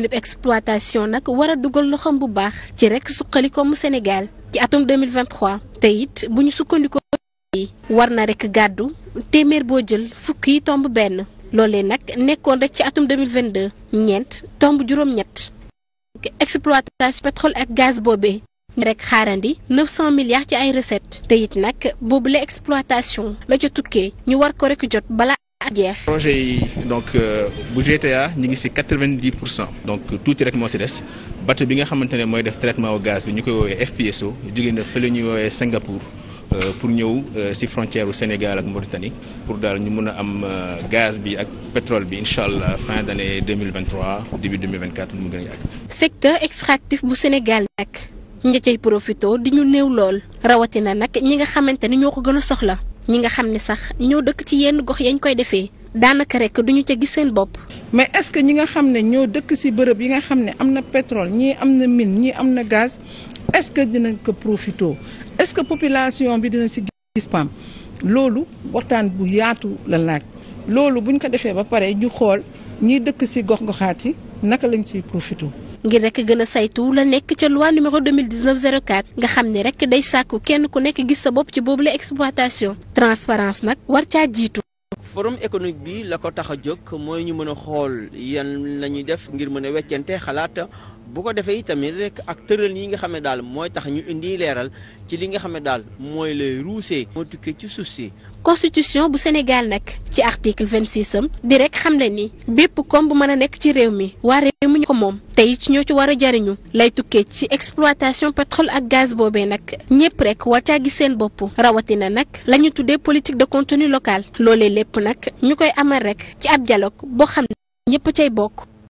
bilib exploitation nag war a dugal loxoom bu baax ci rek suqali koomu Sénégal ci atum 2023 te it bu ñu sukkandikoo yi war na rek gàddu téeméer boo jël fukk yi tomb benn loolee nag nekkoon rek ci atum 2022 ñeent tomb juróom-ñett exploitation pétrole ak gaz boobee rek xaarandi 900 milliards ci ay recettes te it nag boobule exploitation la ca tukkee ñu war ko rek jot balaa projet yi donc euh, bu GTA ñu ngi si quatre-vingt-dix pour cent donc tuuti rek moo si des bateau bi nga xamante ne mooy def traitement gaz bi ñu koy woowee FPSO jigéen na fële ñuy woowee Singapour euh, pour ñëw si euh, frontière u Sénégal ak Mauritanie pour daal ñu mun a am gaz bi ak pétrole bi incha allah fin d' année mille vingt trois début deux mille vingt quatre mu gën a yàgg. secteur extractif bu Sénégal nag ña cay profité di ñu néew lool rawatina nag ñi nga xamante ni ñoo ko gën a soxla. ñi nga xam ne sax ñoo dëkk ci yenn gox yañ koy defee daanaka rek duñu ca gis seen bopp. mais est-ce que ñi nga xam ne ñoo dëkk ci bërëb yi nga xam ne am na pétrole ñii am na mine ñii am na gaz est-ce que dinañ ko profitoo est-ce que population bi dina ci gis PAM loolu waxtaan bu yaatu la laaj loolu buñ ko defee ba pare ñu xool ñiy dëkk ci gox-goxaat yi naka lañ ciy profitoo. ngir rek gën a saytu la nekk ca loi numéro 2019 04 nga xam ne rek day sàkku kenn ku nekk gis sa bopp ci boobu la exploitation transparence nag war caa jiitu. forum économique bi la ko tax a jóg mooy ñu mën a xool yan la ñuy def ngir mën a weccante xalaat. bu ko defee itamit rekk ak tëral yi nga xam ne daal mooy tax ñu indi leeral ci li nga xam ne daal mooy lay ruusee moo tukkee ci suuf si. constitution bu Sénégal nag ci article vingt six am di rek xam ne ni bépp comme bu mën a nekk ci réew mi waa réew mi ñu ko moom tey ci ñoo ci war a jariñu lay tukkee ci exploitation pétrole ak gaz boobee nag ñëpp rek war caa seen bopp rawatina nag la ñu tuddee politique de contenu local loolee lépp nag ñu koy amal rek ci ab dialogue boo xam ne ñëpp cay bokk.